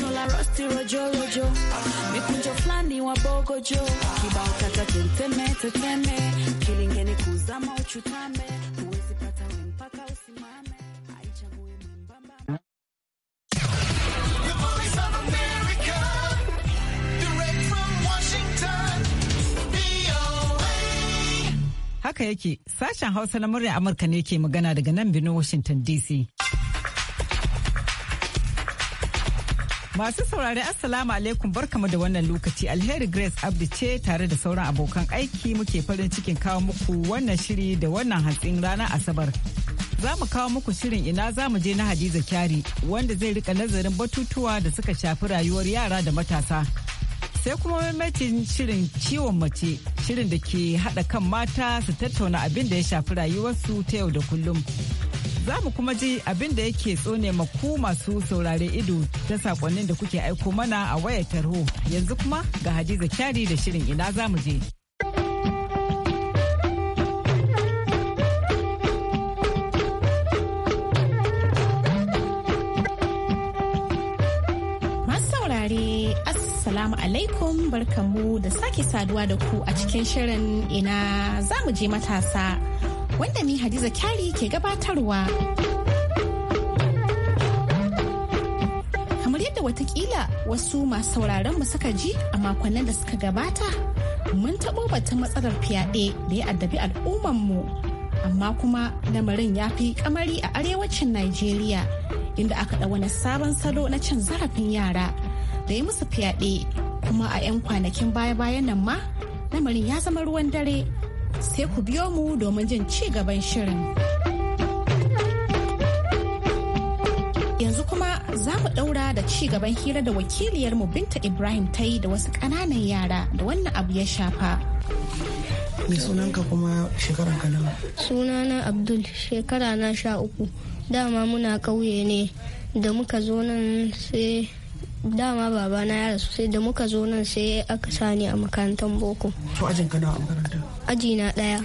la rosti rojo rojo, kunjo flani wa bogojo, kibao tata tuteme teteme, kilingeni kuzama uchutame, uwezi pata we mpaka usimame, haichagui mwembamba. Haka yake, sashen Hausa na murya Amurka ne ke magana daga nan birnin Washington DC. Masu saurari Assalamu alaikum barkamu da wannan lokaci alheri Grace Abdi ce tare da sauran abokan aiki muke farin cikin kawo muku wannan shiri da wannan hantsin ranar Asabar. Za mu kawo muku shirin ina za mu je na Hadiza Kyari wanda zai rika nazarin batutuwa da suka shafi rayuwar yara da matasa. Sai kuma mamacin shirin ciwon mace shirin da ke haɗa kan mata su tattauna abin da ya shafi rayuwarsu ta yau da kullum. Za mu kuma ji abin da yake tsone maku masu saurare ido ta sakonnin da kuke aiko mana a wayar tarho. Yanzu kuma ga Hadiza Kyari da shirin ina za mu je. Assalamu alaikum barkamu da sake saduwa da ku a cikin shirin ina za mu je matasa wanda ni Hadiza Kyari ke gabatarwa. Kamar yadda watakila wasu masu sauraron mu suka ji a makonnin da suka gabata, mun taɓo batun matsalar fyaɗe da ya addabi al'ummanmu. Amma kuma lamarin ya fi kamari a arewacin Najeriya, inda aka ɗau wani sabon salo na cin zarafin yara da ya musu fyaɗe kuma a 'yan kwanakin baya-bayan nan ma lamarin ya zama ruwan dare sai ku biyo mu domin jin ci gaban shirin. Yanzu kuma za mu ɗaura da ci gaban hira da wakiliyarmu Binta Ibrahim ta yi da wasu ƙananan yara da wannan abu ya shafa. Mai sunanka kuma shekaran ka nawa? Sunana Abdul shekara na sha uku. Dama muna ƙauye ne da muka zo nan sai dama babana ya rasu sai da muka zo nan sai aka sani a makarantar boko. To ajin nawa a makarantar? aji na ɗaya.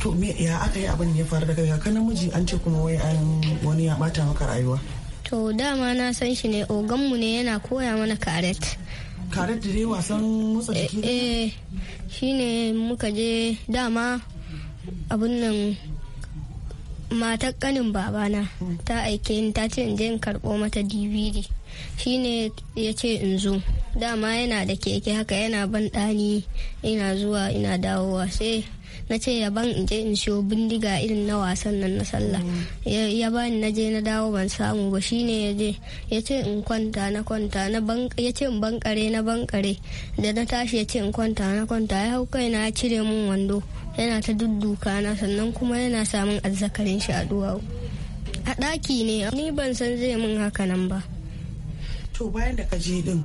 To me ya aka yi abin ya faru da kai namiji an ce kuma wai an wani ya bata maka rayuwa. To dama na san shi ne oganmu ne yana koya mana karet. Karet dai wasan motsa jiki? Eh, eh. shine muka je dama abin nan matar kanin babana ta aike ni ta ce in je in karɓo mata DVD. shine ya ce in zo dama yana da keke haka yana ban ɗani ina zuwa ina dawowa sai na ce ya ban in je in siyo bindiga irin na wasan nan na sallah mm. ya bani na je na dawo ban samu ba shine ya je ya ce in kwanta na kwanta na ya ce in bankare na bankare da na tashi ya ce in kwanta na kwanta ya hau kaina ya cire mun wando yana ta dudduka na sannan kuma yana samun azzakarin shi a duwawu a ɗaki ne ni ban san zai mun haka nan ba to bayan da ka je din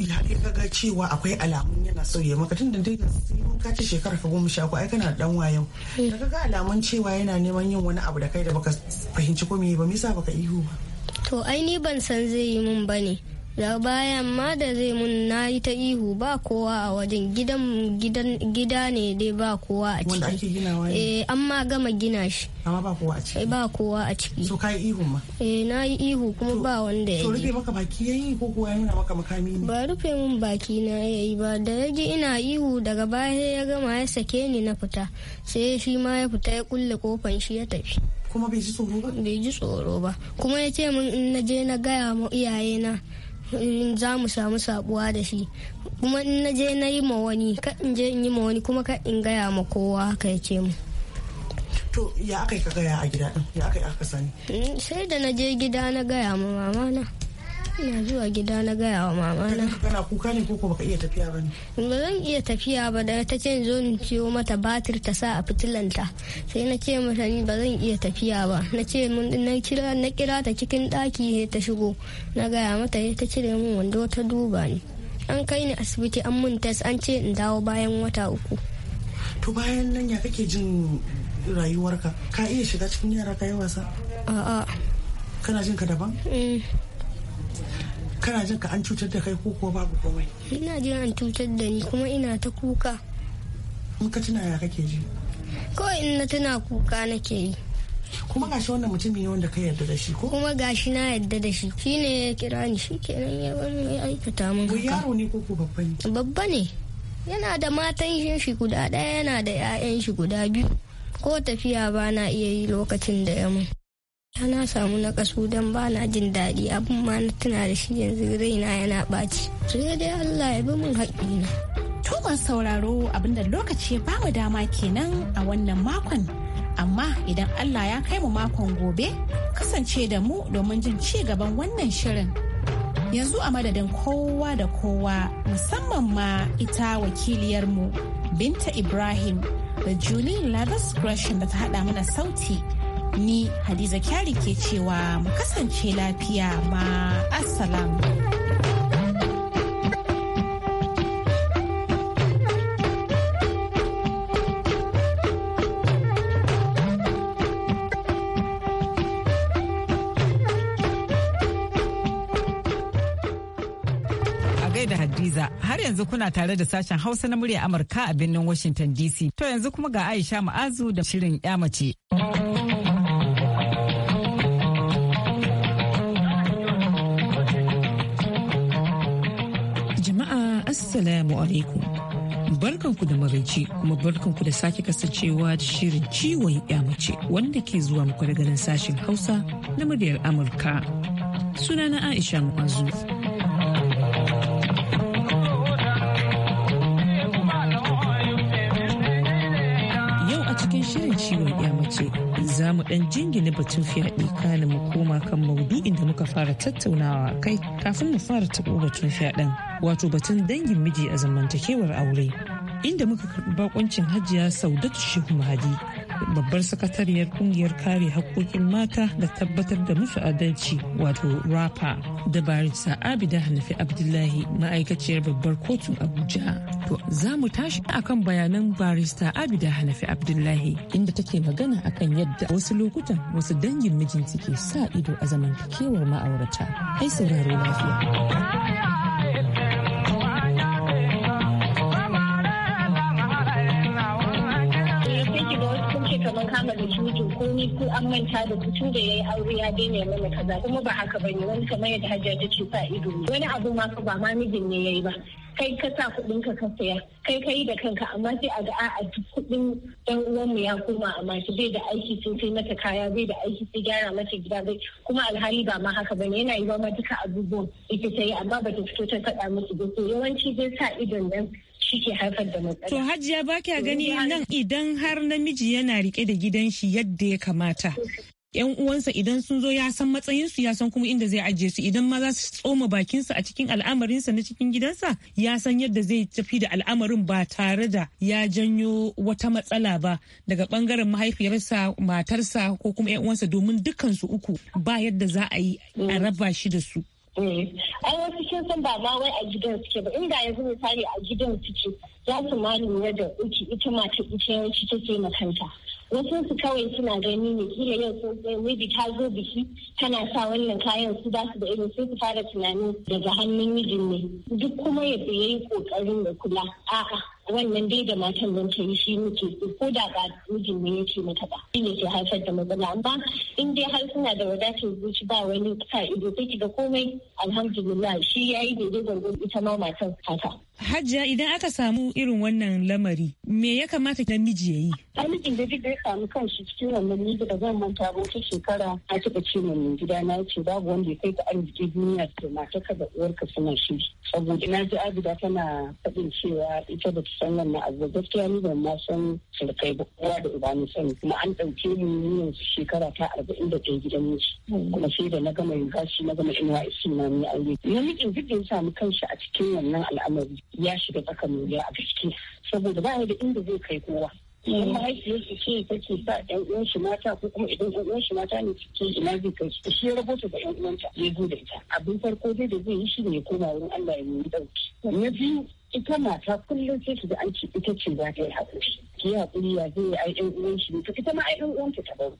ya ga cewa akwai alamun yana sauye maka tun da dai ka ce shekara ka goma sha ai kana dan wayo daga ga alamun cewa yana neman yin wani abu da kai da baka fahimci ko me ba me yasa baka ihu ba to ai ni ban san zai yi mun bane da bayan ma da zai mun na yi ta ihu ba kowa a wajen gidan gida ne dai ba kowa a ciki wanda ake ginawa ne eh amma gama gina shi amma ba kowa a ciki eh, ba kowa a ciki so kai ihu ma eh na yi ihu kuma ba wanda ya so rufe maka baki ya yi ko kowa nuna maka makami ne ba rufe mun baki na ya yi ba da ya ji ina ihu daga baya ya gama ya sake ni na fita sai shi ma ya fita ya kulle kofan shi ya tafi kuma bai ji tsoro ba bai ji tsoro ba kuma ya ce mun in na je na gaya ma iyayena za mu samu sabuwa da shi kuma in na je na yi ma wani ka in je in yi ma wani kuma ka in gaya ma kowa haka ya ce mu to ya aka yi ka gaya a gida ya aka yi aka sani mm, sai da na je gida na gaya ma mama na ina zuwa gida na gaya wa mama na kana kuka ne koko baka iya tafiya ba ne ba zan iya tafiya ba da ta ce zo ni ciwo mata batir ta sa a fitilanta sai na ce mata ni ba zan iya tafiya ba na ce mun na kira na kira ta cikin daki sai ta shigo na gaya mata ta cire min wando ta duba ni an kai ni asibiti an mun test an ce in dawo bayan wata uku to bayan nan ya kake jin rayuwarka ka iya shiga cikin yara ka yi wasa a'a kana jin ka daban mm. kana jin ka an cutar da kai ko kuwa babu komai ina jin an cutar da ni kuma ina ta kuka in ka tuna ya kake ji kawai in na tuna kuka nake yi kuma gashi wannan mutum ne wanda ka yarda da shi ko kuma gashi na yarda da shi shi ne ya kira ni shi kenan ya aikata min haka yaro ne ko ko babba ne babba ne yana da matan shi guda ɗaya yana da 'ya'yan shi guda biyu ko tafiya ba na iya yi lokacin da ya mun na samu na kasu don ba na jin daɗi abin ma na tuna da shi yanzu raina yana ɓaci sai dai allah ya bi min haƙƙina tuban sauraro abinda lokaci ba mu dama kenan a wannan makon amma idan allah ya kai mu makon gobe kasance da mu domin jin ci gaban wannan shirin yanzu a madadin kowa da kowa musamman ma ita wakiliyarmu binta ibrahim da julie Lagos gresham da ta haɗa mana sauti Ni Hadiza Kyari ke cewa mu kasance lafiya ma assalam. Hadiza har yanzu kuna tare da sashen Hausa na murya Amurka a birnin Washington DC. To yanzu kuma ga Aisha Ma'azu da shirin 'ya mace. Assalamu alaikum. Barkanku da maraici kuma barkanku da sake kasancewa da shirin ciwon mace wanda ke zuwa muku daga nan sashen Hausa na muryar Amurka. Sunana Aisha Mu'azu. za mu ɗan jingine batun fyaɗe kana mu koma kan maudu'in da muka fara tattaunawa kai kafin mu fara taɓo batun fyaɗen wato batun dangin miji a zamantakewar aure. Inda muka karɓi bakoncin hajiya Saudatu Shehu Mahadi babbar sakatariyar kungiyar kare haƙƙoƙin mata da tabbatar da musu adalci wato rapa da barista abida hanafi abdullahi ma'aikaciyar babbar kotun abuja to za mu tashi a kan bayanan barista abida hanafi abdullahi inda take magana akan yadda wasu lokutan wasu dangin mijinta ke sa ido a zamantakewar ma'aurata ai sauraro lafiya kalmomi ko an manta da tun da ya yi aure ya daina mana kaza kuma ba haka bane wani kamar yadda hajjia ta ce sa ido ne wani abu ma ba ma mijin ne ya yi ba kai ka sa kuɗin ka saya kai ka yi da kanka amma sai a ga a duk kuɗin ɗan mu ya koma a mace bai da aiki sun sai mata kaya bai da aiki sai gyara mata gida bai kuma alhali ba ma haka bane yana yi ba ma duka abubuwan ita ta yi amma ba ta fito ta faɗa musu ba yawanci zai sa idon nan shi haifar da matsala. To Hajiya ba kya gani nan idan har namiji yana rike da gidan shi yadda ya kamata. yan uwansa idan sun zo ya san matsayinsu ya san kuma inda zai ajiye su idan ma za su tsoma bakinsa a cikin al'amarinsa na cikin gidansa ya san yadda zai tafi da al'amarin ba tare da ya janyo wata matsala ba daga bangaren mahaifiyarsa matarsa ko kuma yan uwansa domin dukkansu uku ba yadda za a yi a raba shi da su Eh, ai wasu kin san ba ma wai a gidan suke ba inda yanzu misali a gidan suke za su ma lura da uki ita ta ita yawanci take makanta wasu su kawai suna gani ne kila yau sun sai wibi ta zo biki tana sa wannan kayan su ba su da irin sai su fara tunani daga hannun mijin ne duk kuma ya yi kokarin da kula a'a wannan dai da matan nan ta yi shi muke ko da ba mijin ne yake mata ba shi ne ke haifar da matsala amma in dai har suna da wadatar zuci ba wani sa ido take da komai alhamdulillah shi ya yi daidai gwargwado ita ma matan haka. Hajiya idan aka samu irin wannan lamari me ya kamata miji ya yi? Namijin da duk da ya samu kanshi cikin wannan miji da zan manta ba wata shekara A taɓa ce ma mai gida na ce babu wanda ya kai ka arziki duniya da ka da uwarka suna shi. Saboda na ji Abida tana faɗin cewa ita ba ta san wannan abu gaskiya ni ban ma san surkai ba kowa da uba ni sani kuma an ɗauke ni ni shekara ta arba'in da ɗaya gidan musu. kuma sai da na gama gashi na gama ina isi na ni aure namijin duk da samu kanshi a cikin wannan al'amari ya shiga tsakanin ya a gaske saboda ba da inda zai kai kowa idan mm. mahaifiyarsu ce take sa yan uwansu mata ko kuma idan yan uwansu mata ne suke ina zai kai su shi rabota da yan uwanta ya zo da ita abin farko dai da zai yi shi ne koma wurin Allah ya nemi dauki na biyu ita mata kullum sai su ga an ce ita ce za ta yi ki haƙuri ya zai ai ɗan uwan shi to ita ma ai ɗan uwan ta bau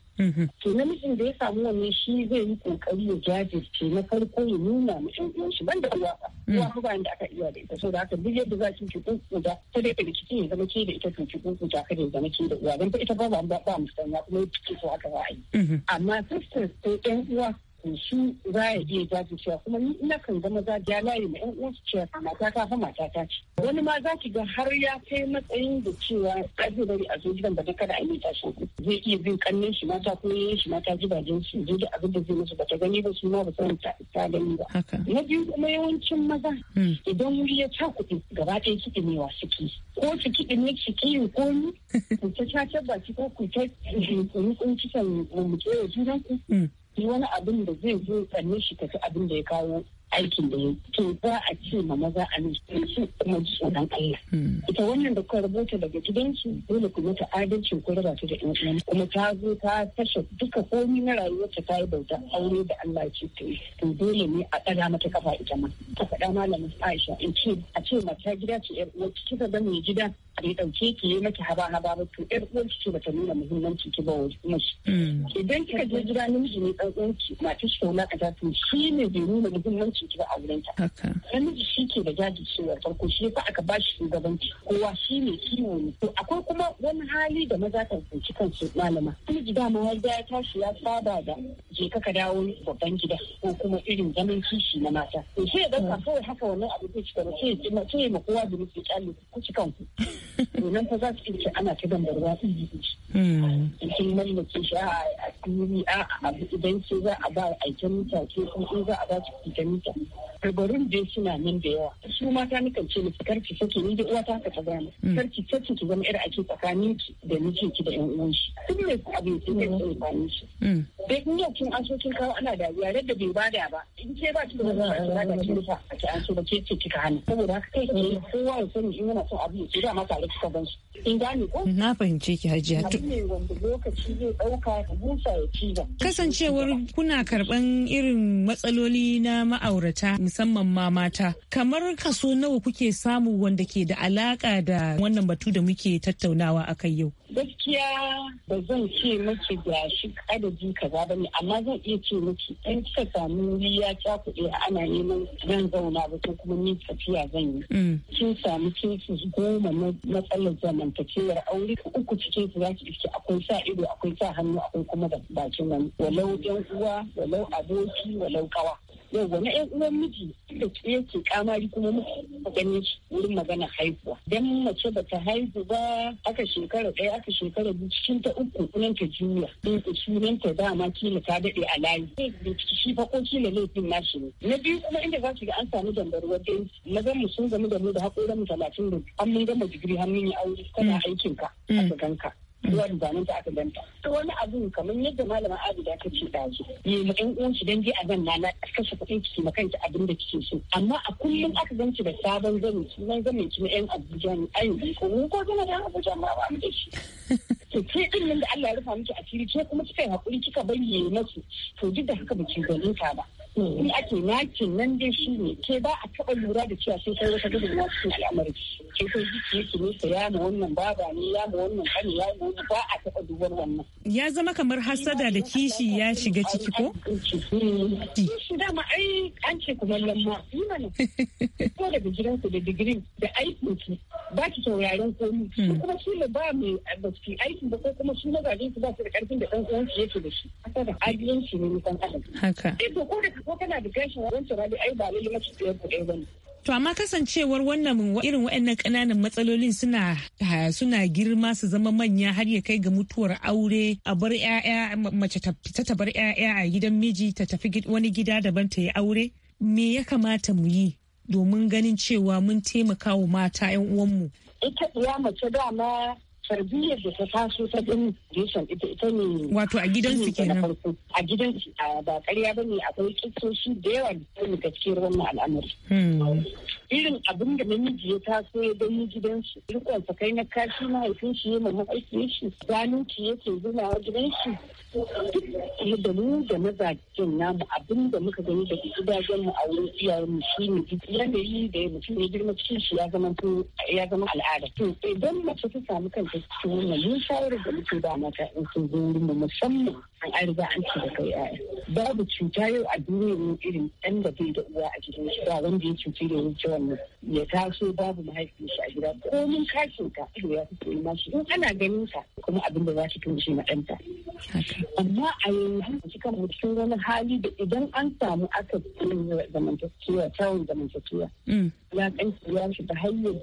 to namijin da ya samu wannan shi zai yi ƙoƙari ya jajirce na farko ya nuna ma ɗan uwan shi banda uwa ba uwa fa ba da aka iya da ita saboda haka duk yadda za ki ki kunkuta ta dai da kike ya zama ke da ita to ki kunkuta ka da zama ke da uwa dan ta ita ba ba ba mu ya kuma kike so haka za a yi amma sisters ko ɗan uwa in su za a iya cewa kuma ni ina kan ga maza ja layi na yan uwansu cewa mata ta fa mata ta ce wani ma za ki ga har ya kai matsayin da cewa ƙarfi bari a zo gidan ba da kada a yi tashin zai iya bin kannin shi mata ko yayin shi mata gidajen su je da abin da zai musu ba ta gani ba su ma ba san ta gani ba na biyu kuma yawancin maza hmm. idan wuri ya ca kuɗi gaba ɗaya kiɗi ne wa suke ko su kiɗi ne su ko ni ku ta ta ba ki ko ku ta ku kun kisan mu junan ku hmm. yi wani abin da zai zo tsanne shi tafi abin da ya kawo aikin da ya to za a ce ma maza a nan su kuma ji tsoron Allah. Hmm. Ita wannan da kuka rubuta daga gidansu dole ku mata adalcin ko raba ta da ɗan uwan kuma ta zo ta kashe duka komi na rayuwarta ta yi bauta aure da Allah ce ta yi. To dole ne a ɗaga mata kafa ita ma. Ta faɗa malamin Aisha in ce a ce mata gida ce ƴar uwa kika ga mai gida ɗan ɗauke ki yi maki haba haba ba to yar uwar ce bata nuna muhimmanci ki ba mashi mm. idan kika je gida namiji ne ɗan uwan ki mata a kauna to shi ne bai nuna muhimmanci ki ba a wurin ta namiji shi ke da jajircewa farko shi yasa aka ba shi shugabanci kowa shi ne kiwo ne to akwai kuma wani hali da maza kan tsinci kansu malama namiji dama har ya tashi ya saba da je ka dawo babban gida ko kuma irin zaman kishi na mata to sai ya ga kawai haka wannan abu zai ci gaba sai ya ma kowa da muke kyale ku kanku domin fa za su ce ana ta gambarwa sun yi shi sun hmm. mallake shi a asiri a abu idan ce za a ba aikin mita ce ko za a ba su fita mita dabarun dai suna nan da yawa su mata nukan ce musu karki sake ni da uwa ta ka ta gane hmm. karki sake ki zama irin ake tsakanin ki da mijin ki da ɗan uwan shi duk mai abin sun da tsakanin shi hmm. dai in yau kin an so kin kawo ana dariya yadda bai bada ba in ce ba ki da ba ki da ki an so ba ke ce kika hana saboda haka kai ke kowa ya sani in yana son abu ya ce da tare in ko na fahimce ki hajiya to ne wanda lokaci zai dauka musa ya ciza kasancewar kuna karɓan irin matsaloli na ma'aurata musamman ma mata kamar kaso nawa kuke samu wanda ke da alaƙa da wannan batu da muke tattaunawa akai yau gaskiya ba zan ce miki da shi adadi kaza ne. amma zan iya ce miki in kika samu ya cakuɗe ana neman zan zauna ba ko kuma ni tafiya zan yi mm. kin samu kinsu goma na matsalar zamantakewar aure uku cikin su za su iske akwai sa ido akwai sa hannu akwai kuma da bakin wani walau yan uwa walau aboki walau kawa yauwa na yan uwan miji da ke yake kamari kuma muka gani wurin magana haihuwa dan mace ba ta haihu ba aka shekara ɗaya aka shekara biyu cikin ta uku nan ta juya eh, sunan ta ma kila ta daɗe a layi eh, ta shi fa ko kila laifin nashi ne na biyu kuma inda za su ga an samu dambarwar dai mazan mu sun zama da mu da haƙoran mu talatin da an mun gama digiri har mun yi aure kana aikin ka a mm. ka zuwa zanen ta aka danta to wani abu kamar yadda malama da ta ce dazu ne mu ɗan uwan ki dan je a nan na kashe kuɗin ki ma abin da kike so amma a kullum aka ganci da sabon zamin sunan zamin ki na ƴan abuja ne ayin ko ko zama da abuja ma ba mu da shi to ke din nan da Allah ya rufa miki a kiri ke kuma kika yi hakuri kika bari yayi maki to duk da haka baki ganin ka ba Ni ake naki nan dai shi ne ke ba a taɓa lura da cewa sai kai wata gudunmawa cikin al'amari ke kai jiki yake ne ya ma wannan baba ne ya ma wannan kani ya ma ba a taɓa dubar wannan. Ya zama kamar hasada da kishi ya shiga ciki ko? Kishi dama ai an ce kuma lamma. yi mana. Ko daga gidansu da digiri da ki ba ki sauraron komi. Ko hmm. kuma shi ne ba mai aiki aikin ba ko kuma shi mazajen su ba su da karfin da ɗan uwansu yake da shi. da ajiyanci ne nisan adam. Haka. Eh ko da ko kana da gashin wancan rabi ai ba lalle mace ɗaya ko ɗaya ba ne. To amma kasancewar wannan irin waɗannan ƙananan matsalolin suna ah, suna girma su zama manya har ya kai ga mutuwar aure a bar ƴaƴa mace ta ta bar ƴaƴa a gidan miji ta tafi wani gida daban ta yi aure me ya kamata mu yi domin ganin cewa mun taimaka wa mata 'yan uwanmu. Ita mace dama tarbiyyar da ta taso ta ɗin Jason ita ita ne. Wato a su kenan. A su ba karya ba ne akwai kitsoshi da yawa da ta gaskiyar wannan al'amari. Hmm. Irin abin da namiji ya taso ya gani gidansu. Rikon sa kai na kashi mahaifin shi ya mamman aiki shi. Ganin shi yake zunawa gidansu. Duk da mu da mazajen namu abin da muka gani da gidajen mu a wurin mu. shi ne yanayi da mutum ya girma cikin shi ya zama al'ada. To idan mace ta samu kanta cikin wannan mun shawarar da muke ba mata in sun zo wurin mu musamman an an riga an ci da kai yaya babu cuta yau a duniya ne irin ɗan da bai da uwa a gidan shi ba wanda ya cuci da wuce wannan ya taso babu mahaifin shi a gida ko mun kashin ka ido ya fito ina shi in ana ganin ka kuma abin da za ta toshe na ɗanta amma a yanzu cikin mutum wani hali da idan an samu aka zamantakewa kyawun zamantakewa mm. ya ɗan ya shi ta hanyar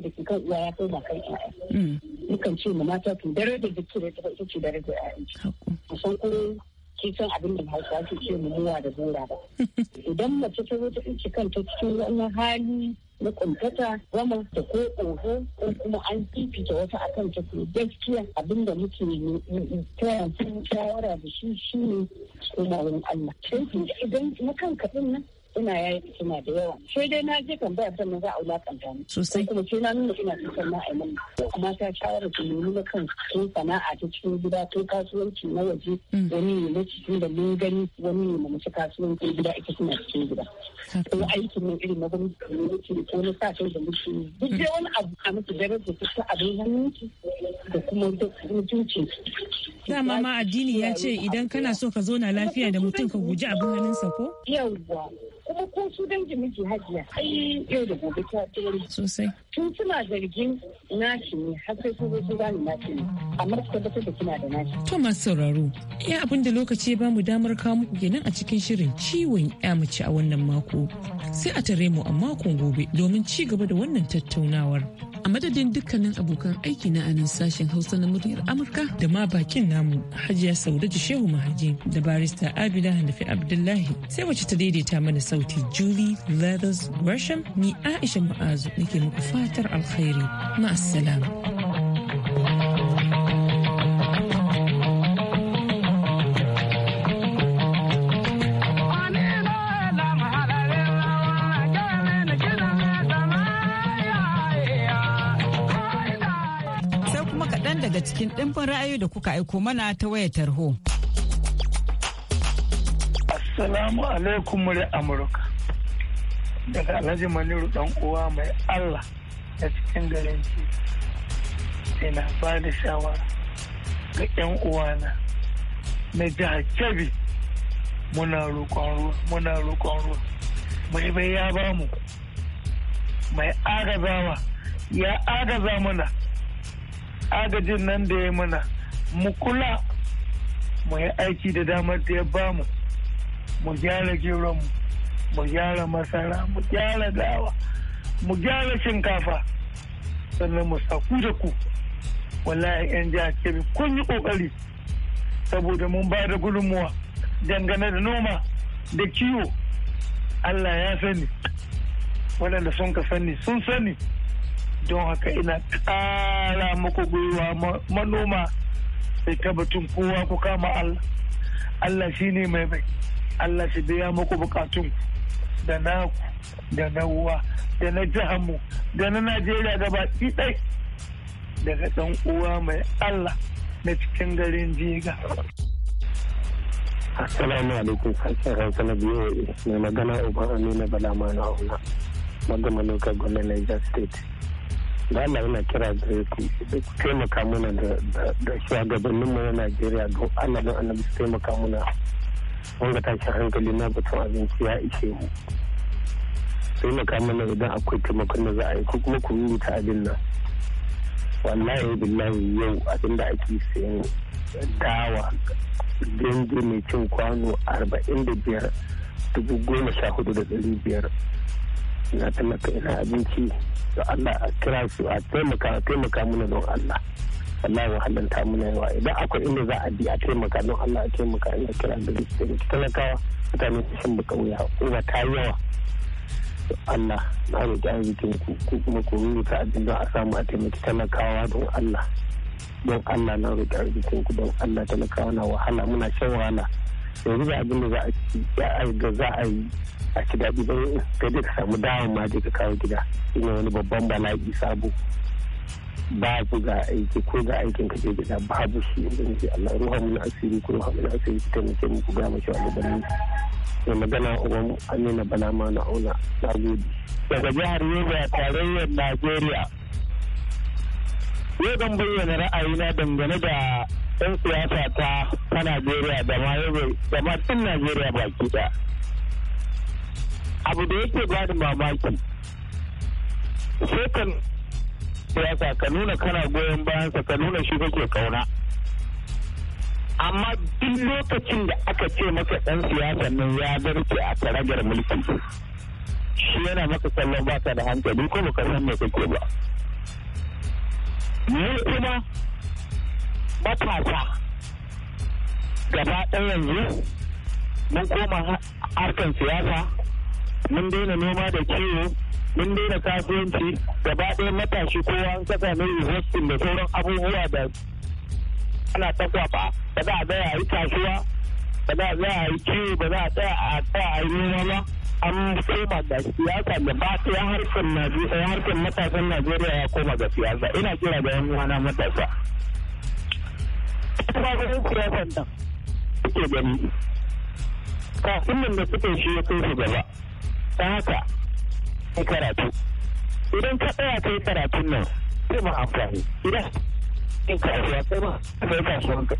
da ke kan uwa ya kai ba kan ita. Mm. Mukan ce mu mata tun dare da ke da ta ita ce ƴaƴa. ƴaƴanci. san kuma ke san abin da hausa ke ce mu muwa da zura ba. Idan mace ta zo ta ɗauki ta cikin wani hali na kuntata gama da ko ƙoho ko kuma an fifita wata akan ta to gaskiya abin da muke ta shawara da shi shi ne koma wurin Allah. Sai idan na kan kaɗin nan ina yayi suna da yawa sai dai na je kan ba ta za a wulakanta tani sosai kuma sai na nuna ina cikin ma'aimin kuma ta shawara ta nuna kan ko sana'a ta cikin gida ko kasuwanci na waje mm. wani ne na cikin da mun gani wani ne mu ci kasuwanci gida ita suna cikin gida ko aikin mun irin na gwamnati ne ci ko na sa kai da muke duk dai wani abu a musu daraja ta abin hannu da kuma mutunci dama ma addini ya ce idan kana so ka zauna lafiya da mutum ka guji abin hannunsa ko yawwa kuma su dangi miji hajiya ai yau da gobe ta tsori sosai tun suna zargin nashi ne har sai sun zo sun nashi ne amma su tabbatar da kina da nashi to sauraro ya abin da lokaci ya bamu damar kawo muku kenan a cikin shirin ciwon ya mace a wannan mako sai a tare mu a makon gobe domin ci gaba da wannan tattaunawar a madadin dukkanin abokan aiki na anan sashen hausa na muryar amurka da ma bakin namu hajiya saudatu shehu mahaji da barista abida hannafi abdullahi sai wacce ta daidaita mana sauti julie leathers gresham ni aisha ma'azu nake muku fatar alkhairi ma'assalam. ɗimbin ra'ayoyi da kuka aiko mana ta wayar tarho. Assalamu alaikum muri Amurka. Daga Alhaji Maniru ɗan uwa mai Allah a cikin garin ce, Ina ba da shawara ga 'yan uwana na jihar Kebbi. Muna roƙon ruwa, muna roƙon ruwa. Mai bai ya bamu. Mai agazawa, ya agaza mana. agajin nan da ya muna mu kula mu yi aiki da damar da ya bamu mu gyara geron mu gyara masara mu gyara dawa mu gyara shinkafa sannan mu saku da ku wallahi yan jiha kebe kun yi kokari saboda mun ba da gudunmuwa dangane da noma da kiwo allah ya sani waɗanda sun ka sani sun sani don haka ina kara muku gwiwa manoma sai ta batun kowa ku kama Allah Allah shi ne mai bai Allah shi biya muku bukatun da naku da na uwa da na jihanmu da na Najeriya gaba ɗai daga ɗan uwa mai Allah na cikin garin Jiga. Assalamu alaikum sashen Hausa na biyu mai magana uban Amina Bala Mana Auna, magana lokacin gwamnan Niger State. da na yana kira gare ku taimaka mana da shugabannin mu na Najeriya don ana don ana su taimaka mana wanga tashin hankali na batun abinci ya ishe mu taimaka mana idan akwai taimakon da za a yi ko kuma ku rubuta abin nan wallahi billahi yau abin da ake sayan dawa dangi mai cin kwano arba'in da biyar dubu goma sha hudu da ɗari biyar ina taimaka ina abinci da Allah a kira su a taimaka a taimaka mana don Allah Allah halanta muna yawa idan akwai inda za a bi a taimaka don Allah a taimaka ina kira da talakawa mutane su shan baka wuya uba ta yawa Allah na roƙi arzikin ku kuma ku rubuta abin don a samu a taimaki talakawa don Allah don Allah na roƙi arzikin ku don Allah talakawa na wahala muna shan wahala yanzu da abin da za a yi a ci daɗi ba kai dai ka samu dawon ma dai ka kawo gida ina wani babban bala'i sabo su ga aiki ko ga aikin ka je gida babu shi in ji Allah ruha mun asiri ko ruha mun asiri ta muke muku ga mu shawo gaban ne magana uban Amina Bala ma na auna na gode daga jihar Yobe tarayyar Najeriya yau zan bayyana ra'ayina dangane da 'yan siyasa ta ta Najeriya da ma yau da ma tun Najeriya baki ɗaya abu da yake bani mamaki sai kan siyasa ka nuna kana goyon bayansa ka nuna shi kake kauna amma duk lokacin da aka ce maka ɗan siyasa nan ya garke a karagar mulki shi yana maka kallon baka da hankali ko baka san me kake ba mu kuma matasa gaba ɗaya yanzu mun koma harkan siyasa mun daina noma da kiwo mun daina kasuwanci gaba ɗaya matashi kowa an saka na hostin da sauran abubuwa da ana ta kwafa ba za a tsaya a yi kasuwa ba za a tsaya a yi kiwo ba za a tsaya a tsaya a yi noma ba an koma ga siyasa da ba ta harkar Najeriya harkar matasan Najeriya ya koma ga siyasa ina kira ga yan uwana matasa ba ga siyasan nan suke gani Ka nan da suke shi ya kai su gaba ta haka yi karatu idan ka tsaya ka yi karatun nan sai ma amfani idan in kasuwa sai ma ka yi kasuwan ka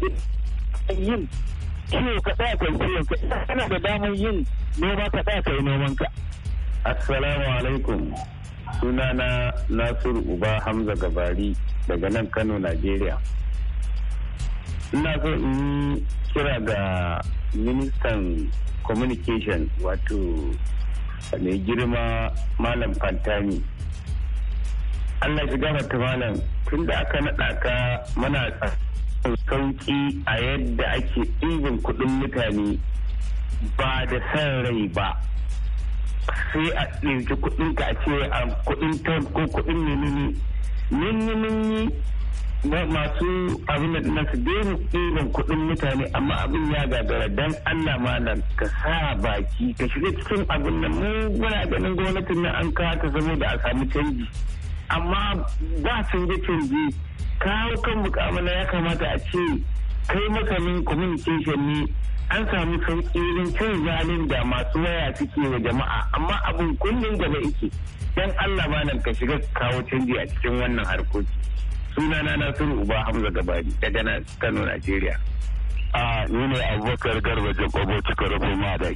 yin ciwo ka tsaya ka yi ciwon ka kana da damar yin noma ka tsaya ka yi noman ka. assalamu alaikum sunana nasiru uba hamza gabari daga nan kano nigeria ina so in kira ga ministan communication wato mai girma malam fantani allah ji gafarta malam tun da aka naɗa ka mana sauki a yadda ake ɗibin kuɗin mutane ba da san rai ba sai a ɗauki kuɗinka a ce a kuɗin ton ko kuɗin menene min masu abin na su daina ɗiban kuɗin mutane amma abin ya gagara dan Allah malam ka sa baki ka shiga cikin abin nan mu muna ganin gwamnatin na an kawo ta saboda a samu canji amma ba canje canje kawo kan mukamala ya kamata a ce kai makamin communication ne an samu sauƙirin cin zalin da masu waya suke wa jama'a amma abin kullum gaba ike dan Allah malam ka shiga kawo canji a cikin wannan harkoki. sunana nasiru uba hamza gabari daga nan kano najeriya a ni ne abubakar garba jakobo cika rabu ma da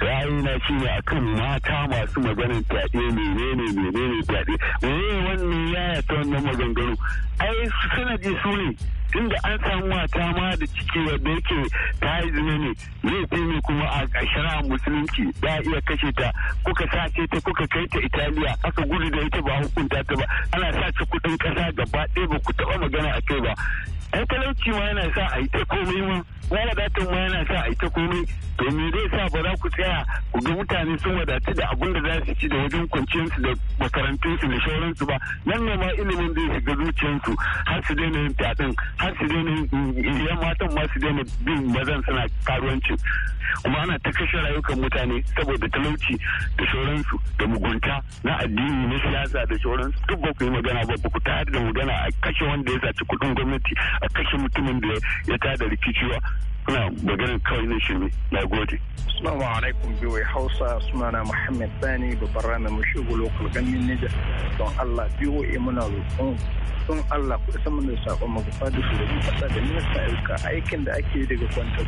ra'ayina shi ne akan mata masu maganin fyaɗe menene menene fyaɗe menene wannan yaya ta wannan maganganu ai sanadi su ne tunda an samu mata ma da ciki wadda yake ta yi zina ne zai ne kuma a shara musulunci ya iya kashe ta kuka sace ta kuka kai ta italiya aka gudu da ita ba hukunta ta ba ana ci kudin kasa gaba ɗaya ba ku taɓa magana a kai ba ai talauci ma yana sa a yi ta komai ma wadatan ma yana sa a yi ta komai to me zai sa ba za ku tsaya ku ga mutane sun wadatu da abin da za su ci da wajen kwanciyarsu da makarantunsu da shauransu ba nan ne ma ilimin zai shiga zuciyarsu har su daina yin fyaɗin har su daina yan matan ma su daina bin mazan suna karuwanci kuma ana ta kashe rayukan mutane saboda talauci da sauransu da mugunta na addini na siyasa da sauransu duk ba ku yi magana ba ba ku tayar da magana a kashe wanda ya saci kudin gwamnati a kashe mutumin da ya tada rikiciwa. kuna maganin kawai na shirme na gode. Assalamu alaikum biwai Hausa sunana Muhammad Sani babban ranar mu lokal ganin Nijar don Allah biwai muna roƙon don Allah ku isa mana saƙon magufa da shugaban kasa da minista aika aikin da ake daga kwanta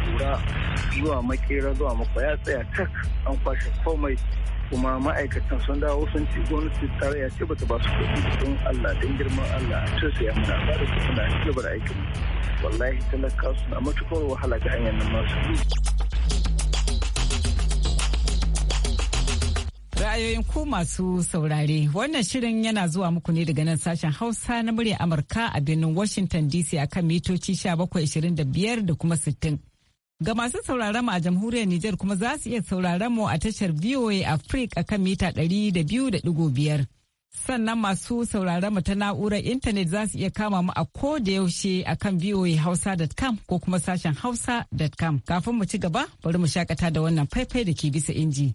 zuwa makera zuwa makwaya tsaya tak an kwashe komai kuma ma'aikatan sun dawo sun ce gwamnati tarayya ce bata ba su kuɗi don Allah don girman Allah a sai ya muna ba da kuɗi a cikin aikin wallahi talaka na matukar wahala ga hanyar nan masu ra'ayoyin ku masu saurare wannan shirin yana zuwa muku ne daga nan sashen hausa na murya amurka a birnin washington dc akan mitoci 1725 da kuma 60 Ga masu sauraron mu a jamhuriyar Nijar kuma za su iya sauraron mu a tashar VOA Africa kan mita 200.5. Sannan masu sauraron mu ta na'urar intanet za su iya kama mu a ko da yaushe a kan voahausa.com ko kuma sashen hausa.com. Kafin mu ci gaba, bari mu shakata da wannan faifai da ke bisa inji.